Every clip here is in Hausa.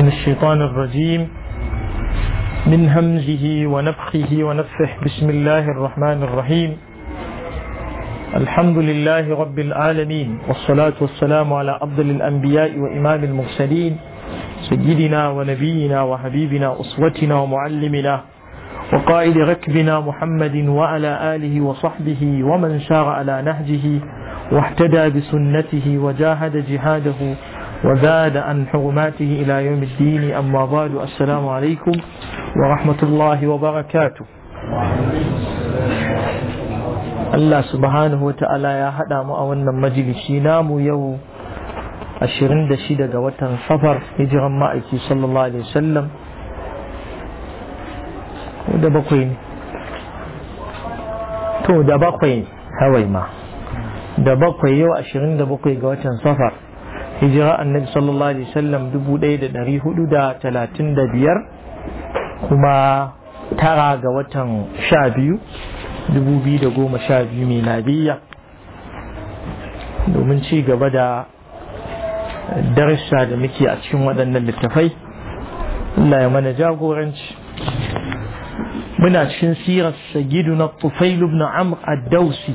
من الشيطان الرجيم من همزه ونفخه ونفخه بسم الله الرحمن الرحيم الحمد لله رب العالمين والصلاة والسلام على أفضل الأنبياء وإمام المرسلين سيدنا ونبينا وحبيبنا أسوتنا ومعلمنا وقائد ركبنا محمد وعلى آله وصحبه ومن شار على نهجه واحتدى بسنته وجاهد جهاده وزاد عن حرماته إلى يوم الدين أما بعد السلام عليكم ورحمة الله وبركاته الله سبحانه وتعالى يا حدا ما أولنا مجلس نامو يو أشرين دشيدة وطن صفر هجرم مائتي صلى الله عليه وسلم وده بقين تو ده بقين هوي ما ده بقين يو أشرين ده بقين صفر hijira annabi sallallahu alaihi wasallam 1435 kuma tara ga watan 12 2012 miladiyya domin ci gaba da darussa da muke a cikin waɗannan littafai Allah ya mana jagoranci muna cikin sirar sagidu na tufailu ibn amr a dausi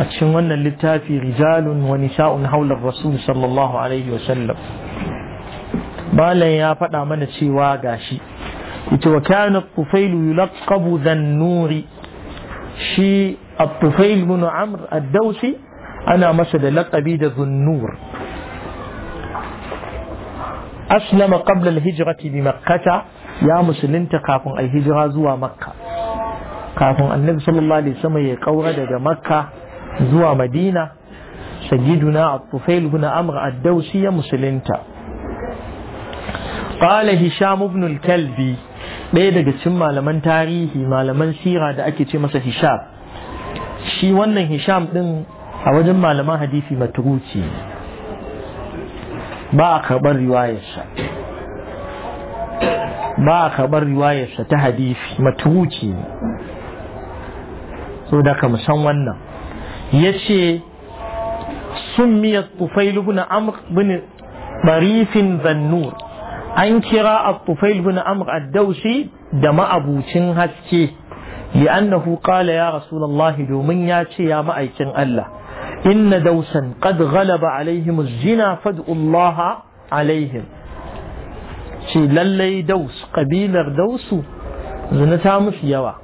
أتشن ون اللتافي رجال ونساء حول الرسول صلى الله عليه وسلم بالا يا فدا من سوى غاشي وكان الطفيل يلقب ذا النور شي الطفيل بن عمرو الدوسي أنا مسد لقبي ذا النور أسلم قبل الهجرة بمكة يا مسلم تقافن الهجرة زوا مكة kafin annabi sallallahu alaihi wasallam ya kaura daga makka zuwa madina sayyiduna na tufail guna amra Addausi ya musulunta qala hisham ibn kalbi ɗaya daga cikin malaman tarihi malaman sira da ake ce masa hisham shi wannan hisham ɗin a wajen malaman hadisi maturuci ba a karɓar riwayarsa ba a karɓar riwayarsa ta hadisi maturuci so da ka san wannan yace summiyat tufail ibn amr ibn barifin zannur an kira a tufail ibn amr ad da ma'abucin haske li'annahu qala ya rasulullah domin ya ce ya ma'aikin Allah inna dawsan qad ghalaba alaihim zina fad'u alaihim ce lallai daus kabilar dausu zina ta musu yawa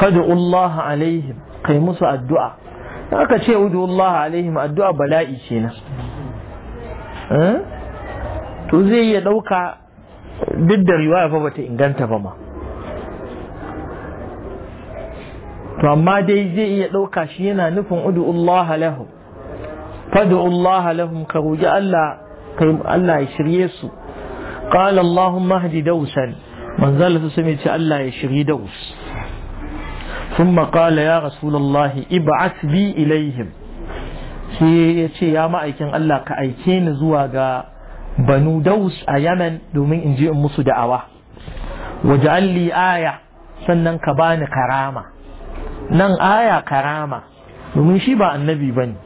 fad'ullaha Allah alaihim kai musu addu'a aka ce udu Allah alaihim addu'a bala'i na, eh? to zai iya ɗauka duk da riwaya fa bata inganta ba ma to amma dai zai iya ɗauka shi yana nufin udu Allah lahum fadu Allah lahum ka roji Allah kai Allah ya shirye su qala Allahumma hdi dausan manzal su sai ce Allah ya shirye daus ثم قال يا رسول الله ابعث بي إليهم sai ya ce ya ma'aikin Allah ka aike ni zuwa ga banu daus a yaman domin in je in musu da'awa waje alli aya sannan ka bani karama nan aya karama domin shi ba annabi ba In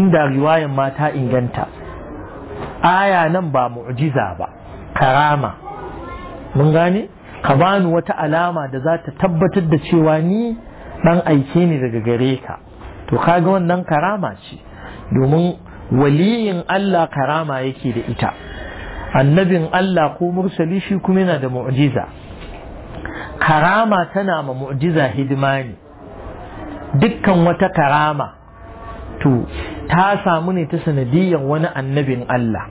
inda riwayan mata inganta aya nan ba mu'jiza ba karama mun gane ka bani wata alama da za ta tabbatar da cewa ni dan aike ni daga gare ka to kaga wannan karama ce domin waliyin Allah karama yake da ita annabin Allah ko mursali shi kuma yana da mu'jiza karama tana ma mu'jiza hidima ne dukkan wata karama to ta samu ne ta sanadiyar wani annabin Allah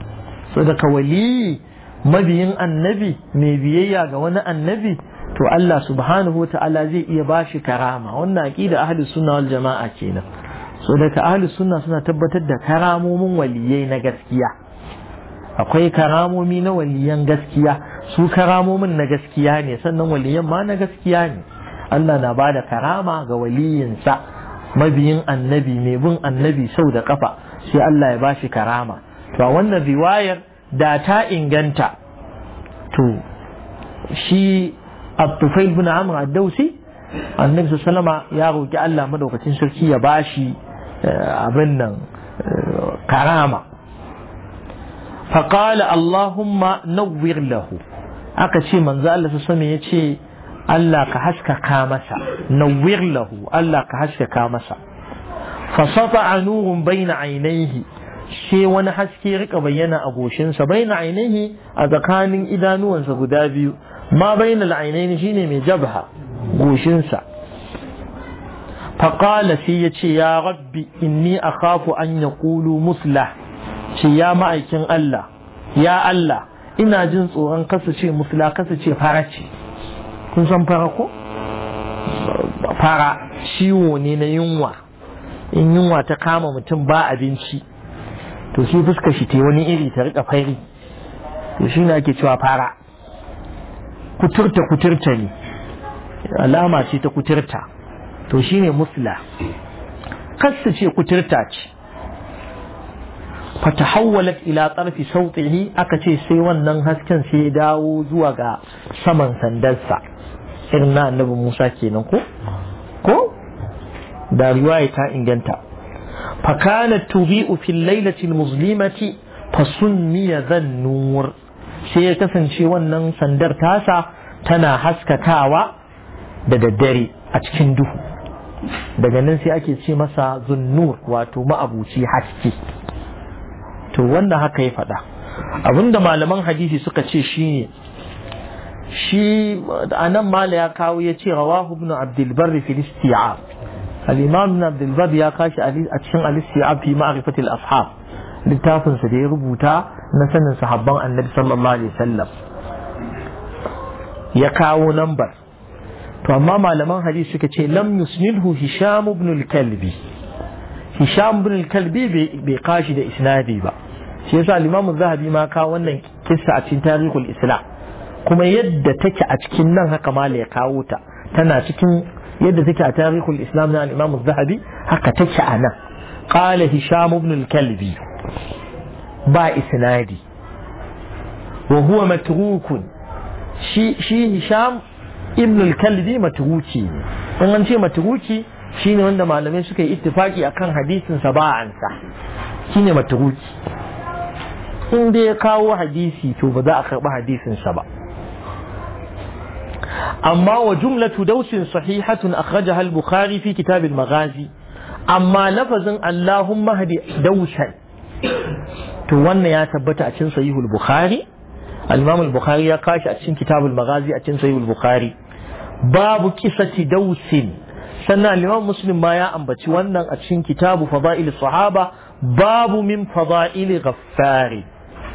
so daga waliyi mabiyin annabi mai biyayya ga wani annabi to Allah subhanahu wa ta'ala zai iya bashi karama wannan aqida ahli sunna wal jama'a kenan so daga ahli sunna suna tabbatar da karamomin waliyai na gaskiya akwai karamomi na waliyan gaskiya su karamomin na gaskiya ne sannan waliyan ma na gaskiya ne Allah na ba da karama ga waliyinsa mabiyin annabi mai bin annabi sau da kafa sai Allah ya bashi karama to a wannan riwayar da ta inganta to shi abtufail bin amr ad-dausi annabi sallama ya roki Allah madaukakin sarki ya bashi eh, abin nan eh, karama faƙala Allahumma nawwir lahu aka ce manzo Allah su sami ya ce Allah ka haskaka masa nawwir lahu Allah ka haskaka masa fasata a nurun baina ainihi sai wani haske rika bayyana a goshinsa baina ainihi a tsakanin idanuwansa guda biyu ma baina al'ainaini shine mai jabha goshinsa faqala sai ya ce ya rabbi inni akhafu an yaqulu musla ce ya ma'aikin Allah ya Allah ina jin tsoron kasa ce musla kasa ce fara ce kun san fara ko fara ciwo ne na yunwa in yunwa ta kama mutum ba abinci to shi fuskar shi ta wani iri ta rika fari to shi ne ake cewa fara kuturta kuturta ne alama ce ta kuturta to shi ne musla kasta ce kuturta ce fatahawwalat ila tsarfi sauƙihi aka ce sai wannan hasken sai dawo zuwa ga saman sandarsa irin na annabi musa kenan ko ko da riwaya ta inganta فكانت تبيء في الليلة المظلمة فسمي ذا النور sandar tasa tana haskakawa da daddare a cikin duhu. daga nan sai ake ce masa zunnur wato ma'abuci haske to wanda haka ya faɗa abinda malaman hadisi suka ce ne. shi anan mala ya kawo ya ce rawahu ibn abdul barr al-imam ibn ya kashi a cikin al-istiyab fi ma'rifati al-ashab Littafinsa da ya rubuta na sanin sahabban annabi sallallahu alaihi wasallam ya kawo lambar to amma malaman hadis suka ce lam yusnidhu hisham ibn al-kalbi hisham ibn al-kalbi bai kashi da isnadi ba shi yasa al-imam zahabi ma kawo wannan kissa a cikin tarihul islam kuma yadda take a cikin nan haka ma ya kawo ta tana cikin yadda take a tarihul islam na al-imam az-zahabi haka take a nan qala hisham ibn al-kalbi ba isnadi wa huwa matrukun shi shi hisham ibn al-kalbi matruki ne in an ce matruki shine wanda malamai suka yi ittifaki akan hadisin sa ba an sa shine matruki in dai ya kawo hadisi to ba za a karba hadisin sa ba أما وجملة دوس صحيحة أخرجها البخاري في كتاب المغازي أما لفظ اللهم هدي دوسا تون يا ثبت أتين صحيح البخاري الإمام البخاري يا قاش أتين كتاب المغازي أتين صحيح البخاري باب قصة دوس سنة الإمام مسلم ما يا أنبت وانا أتين كتاب فضائل الصحابة باب من فضائل غفاري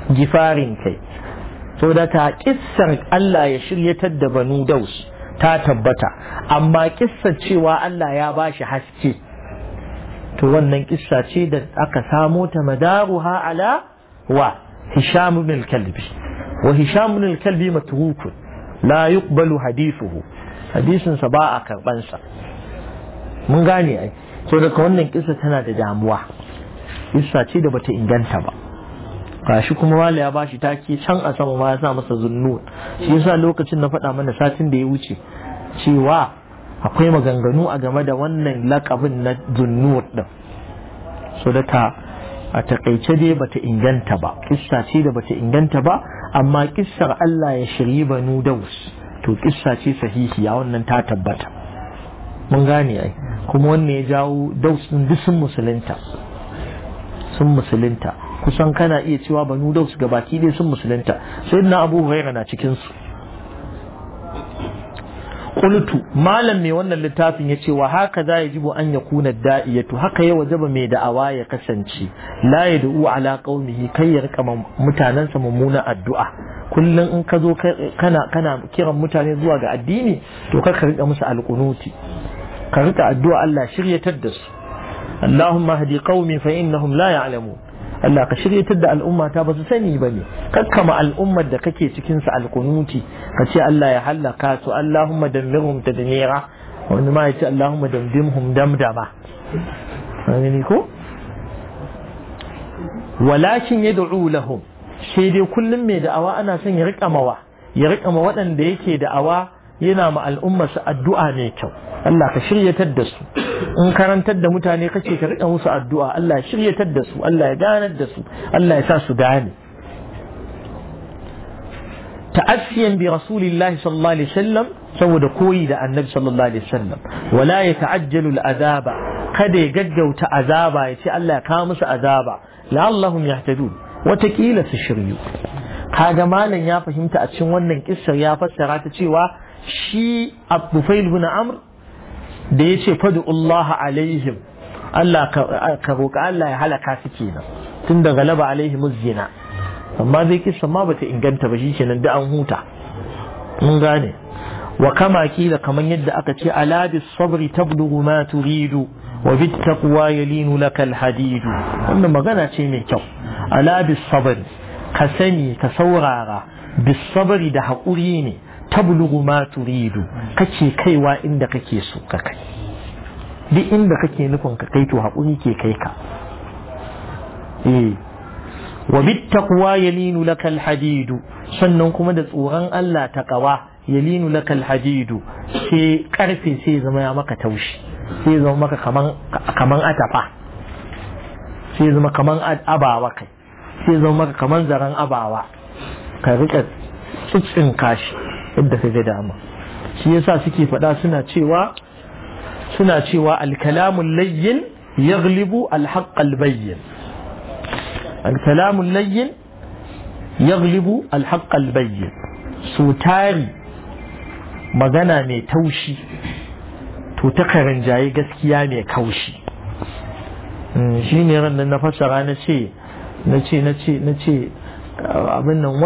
جفار كي To da ta kissar Allah ya shiryatar da banu daus ta tabbata amma kissar cewa Allah ya ba shi haske to wannan kissa ce da aka samo ta ha ala wa hisham bin kalbi wa hisham bin kalbi matrukun la yuqbalu hadithuhu hadisin sa ba a karban sa mun gane ai so daga wannan kissa tana da damuwa kissa ce da bata inganta ba gashi kuma wala ya bashi take can a sama ma ya sa masa zunnun shi yasa lokacin na faɗa mana satin da ya wuce cewa akwai maganganu a game da wannan lakabin na zunnun din so da ka a takaice dai bata inganta ba kissa ce da bata inganta ba amma kissar Allah ya shirye banu daus to kissa ce sahihiya wannan ta tabbata mun gane ai kuma wannan ya jawo daus din duk sun musulunta sun musulunta kusan kana iya cewa banu daus gabaki dai sun musulunta na abu huraira na cikinsu. Kulutu malam mai wannan littafin ya ce wa haka za ya jibo an ya kuna da'iyatu haka ya wajaba mai da'awa ya kasance la da'u ala kai ya rika mutanensa mummuna addu'a kullum in ka zo kana kana kiran mutane zuwa ga addini to ka rika musu alqunuti ka rika addu'a Allah shiryatar da su hadi qaumi fa innahum la ya'lamun Allah ka shiryatar da al'umma ta ba su sani ba ne kakkama al'ummar da kake cikin su alkunuti ka ce Allah ya hallaka su Allahumma dammirhum tadmira wani ma ya ce Allahumma damdimhum damdama gani ko walakin yad'u lahum sai dai kullum mai da'awa ana son ya riƙa mawa ya riƙa ma waɗanda yake da'awa yana ma al'umma su addu'a mai kyau Allah ka shiryatar da su in karantar da mutane kace ka rika musu addu'a Allah ya shiryatar da su Allah ya برسول الله صلى الله عليه وسلم سوى دقوي دا النبي صلى الله عليه وسلم ولا يتعجل الأذاب قد يقدوا تأذابا يتي الله كامس أذابا لعلهم يهتدون وتكيلة الشريو قاد ما لن يافهم تأسيوان ننكسر يافسر راتتي وشي أبو فيل بن عمرو da ya ce fadu Allah alaihim Allah ka roƙa Allah ya halaka su kenan tun da galaba alaihim zina amma zai kisa ma bata inganta ba shi kenan da an huta mun gane wa kama kila kaman yadda aka ce ala bis sabri tablughu ma turidu wa bit taqwa yalinu lakal hadidu wannan magana ce mai kyau ala sabri ka sani ka saurara bis sabri da haƙuri ne tablughu ma turidu kake kaiwa inda kake so ka kai duk inda kake nufin ka kai to hakuri ke kai ka eh wa bittaqwa yalinu lakal hadidu sannan kuma da tsoron Allah taqwa yalinu lakal hadidu sai karfe sai zama ya maka taushi sai zama maka kaman kaman atafa sai zama kaman abawa kai sai zama maka kaman zaran abawa ka rika tsitsin kashi yadda ka ga dama shi yasa suke faɗa suna cewa suna cewa alkalamun layyin yaglibu alhaqqal bayyin alkalamun layyin yaglibu bayyin su tari magana mai taushi to ta jaye gaskiya mai kaushi hmm, shi ne ran na fasara na ce na ce na ce na ce abin nan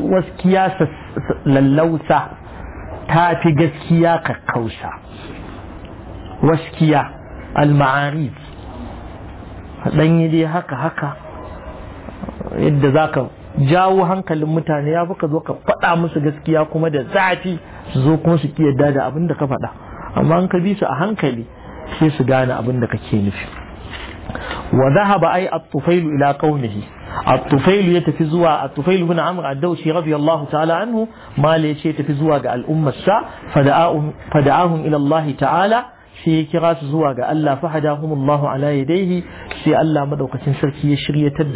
waskiya lallausa ta fi gaskiya ka kausa. waskiya al-ma'arif ɗan yi dai haka haka yadda za ka jawo hankalin mutane ya ka zo ka faɗa musu gaskiya kuma da zafi su zo kuma su ki yadda da abin da ka faɗa amma an ka bi su a hankali sai su gane abin da kake nufi wa zahaba ai at-tufailu ila qaumihi الطفيل يتفي زوا الطفيل بن عمرو الدوشي رضي الله تعالى عنه ما ليش يتفي زوا قال الأمة الشاء فدعاهم, فدعاهم إلى الله تعالى في كراس زوا قال zuwa ga Allah fahadahum Allahu ala yadayhi sai Allah madaukakin sarki ya shiryatar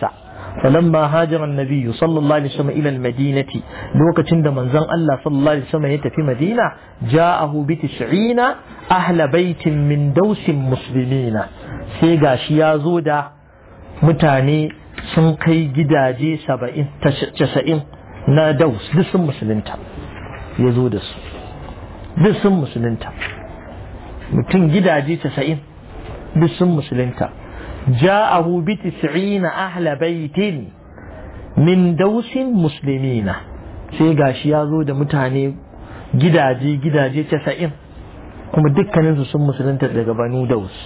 da فلما هاجر النبي صلى الله عليه وسلم إلى المدينة لوكتشن من زن الله صلى الله عليه وسلم يتفي مدينة جاءه بتسعين أهل بيت من دوس مسلمين سيغا شيازودا mutane sun kai gidaje saba'in casa'in na daus duk sun musulunta ya zo da su duk sun musulunta mutum gidaje casa'in duk sun musulunta ja'ahu bi tis'ina ahla baitin min dausin muslimina sai gashi ya zo da mutane gidaje gidaje casa'in kuma dukkaninsu sun musulunta daga banu daus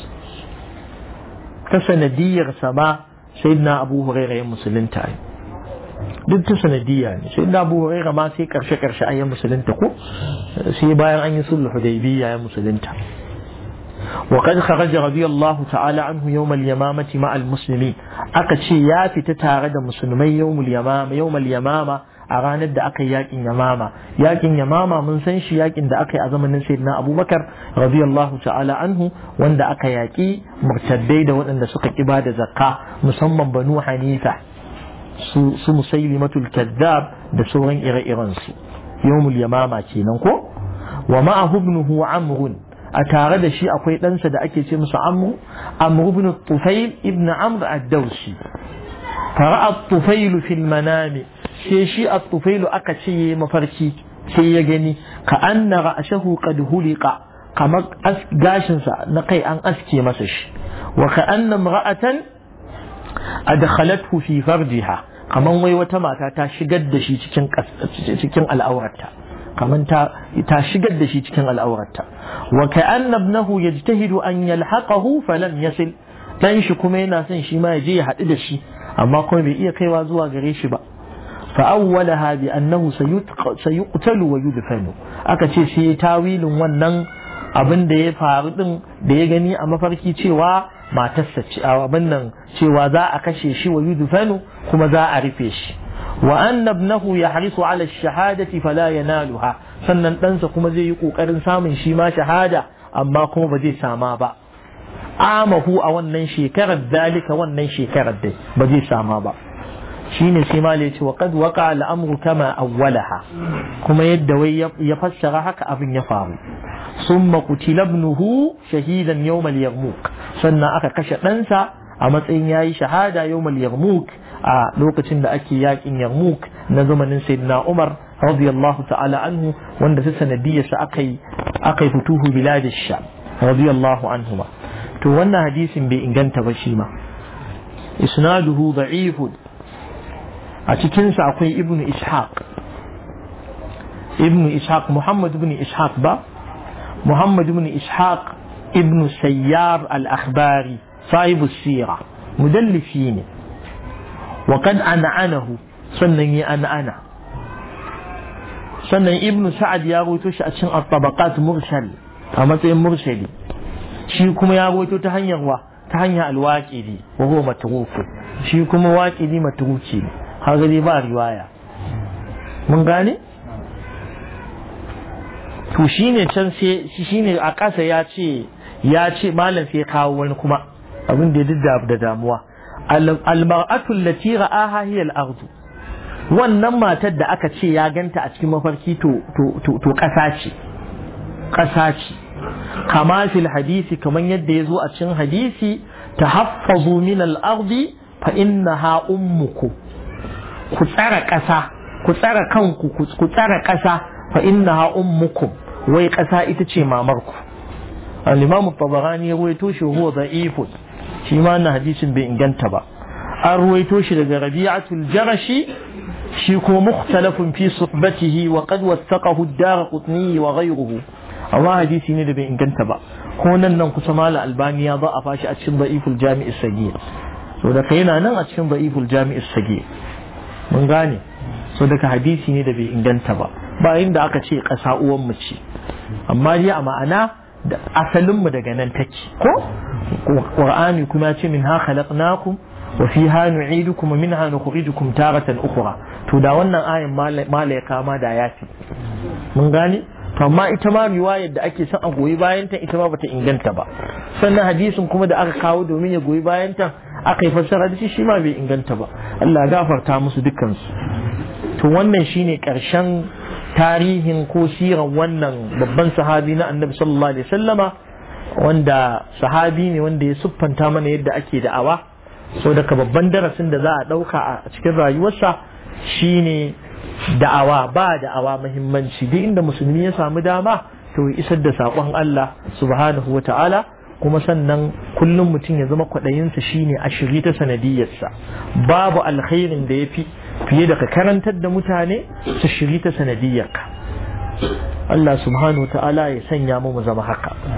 ta sanadiyarsa ba sayyidina abu huraira ya musulunta ai duk ta sanadiyya ne sayyidina abu huraira ma sai karshe karshe ayyan musulunta ko sai bayan an yi sulhu hudaybiyya ya musulunta وقد خرج رضي الله تعالى عنه يوم اليمامة مع المسلمين أقشي يا في تتارد مسلمي يوم اليمامة يوم اليمامة a ranar da aka yi yakin yamama yakin yamama mun san shi yakin da aka yi a zamanin sayyidina abubakar radiyallahu ta'ala anhu wanda aka yaƙi murtaddai da waɗanda suka ki ba da zakka musamman banu hanifa su su musailimatul kazzab da sauran ire-iren su yawmul yamama kenan ko wa ma'ahu ibnuhu amrun a tare da shi akwai ɗansa da ake ce musu amru amru ibn tufail ibn amr ad-dawsi fara'a tufailu fil manami sai shi a tufailu aka ce ya mafarki sai ya gani ka an na ra'ashahu qad huliqa kamar gashinsa na kai an aske masa shi wa ka an na ra'atan adkhalathu fi farjiha kamar wai wata mata ta shigar da shi cikin cikin kamar ta ta shigar da shi cikin al'aurarta wa ka an ibnahu yajtahidu an yalhaqahu falam yasil dan shi kuma yana son shi ma ya je ya haɗu da shi amma kuma bai iya kaiwa zuwa gare shi ba فأولها بأنه سيقتل ويدفن أكتشي سي تاويل ونن abin da ya faru din da ya gani a mafarki cewa matarsa abin nan cewa za a kashe shi wa yudfanu kuma za a rufe shi wa anna ibnahu yahrisu ala shahadati fala yanaluha sannan ɗansa kuma zai yi ƙoƙarin samun shi ma shahada amma kuma ba zai sama ba amahu a wannan shekarar dalika wannan shekarar dai ba zai sama ba shine sai mali yace wa qad waqa al-amru kama awwalaha kuma yadda wai ya fassara haka abin ya faru summa qutila ibnuhu shahidan yawm al-yarmuk sannan aka kashe ɗansa a matsayin yayi shahada yawm al-yarmuk a lokacin da ake yakin yarmuk na zamanin sayyidina umar radiyallahu ta'ala anhu wanda su sanadiyarsa akai akai futuhu biladish sham radiyallahu anhuma to wannan hadisin bai inganta ba shi ma isnaduhu da'ifun a cikinsa akwai ibn ishaq ibn ishaq muhammad ibn ishaq ba muhammad ibn ishaq ibn sayyar al-akhbari sahibu sira mudallifi ne wa kad ana'anahu sannan ya ana'ana sannan ibn sa'ad ya rawaito shi a cikin at-tabaqat mursal a matsayin mursali shi kuma ya rawaito ta hanyar wa ta hanyar al-waqidi wa huwa matruf shi kuma waqidi matruki ne kaga dai ba riwaya mun gane to shine can sai a ƙasa ya ce ya ce malam sai kawo wani kuma abin da ya da damuwa almar'atu allati ra'aha hiya al-ard wannan matar da aka ce ya ganta a cikin mafarki to to to ƙasa ce ƙasa ce kama fil hadisi kaman yadda ya zo a cikin hadisi tahaffazu min al-ard fa innaha ummuku ku tsara ƙasa ku tsara kanku ku tsara ƙasa fa innaha ummukum wai ƙasa ita ce mamarku al-imam tabarani ya ruwaito shi huwa da'ifun shi ma wannan hadisin bai inganta ba an ruwaito shi daga rabi'atul jarashi shi ko mukhtalafun fi suhbatihi wa qad wasaqahu ad-darqutni wa ghayruhu amma hadisi ne da bai inganta ba ko nan nan kusa mala albani ya ba a fashi a cikin da'iful jami'is sagir to da kai yana nan a cikin da'iful jami'is sagir mun gane so daga hadisi ne da bai inganta ba bayan da aka ce ƙasa uwanmu ce amma dai a ma'ana da mu daga nan take ko qur'ani kuma ce min ha khalaqnakum wa fiha nu'idukum wa minha nukhrijukum taratan ukhra to da wannan ayin mala kama da yafi mun gane to amma ita ma riwayar da ake san a goyi bayan ta ita ma bata inganta ba sannan hadisin kuma da aka kawo domin ya goyi bayan ta aka yi fassara da shi ma bai inganta ba Allah gafarta musu dukansu to wannan shine karshen tarihin ko siran wannan babban sahabi na annabi sallallahu alaihi wasallama wanda sahabi ne wanda ya suffanta mana yadda ake da'awa so daga babban darasin da za a ɗauka a cikin rayuwarsa shine da'awa ba da'awa muhimmanci duk inda musulmi ya samu dama to isar da saƙon Allah subhanahu wa ta'ala kuma sannan kullum mutum ya zama kwaɗayinsa shine a shirye ta sanadiyarsa babu alkhairin da ya fi fiye da ka karantar da mutane su shiri ta sanadiyarka Allah subhanahu ta'ala ya sanya mu mu zama haka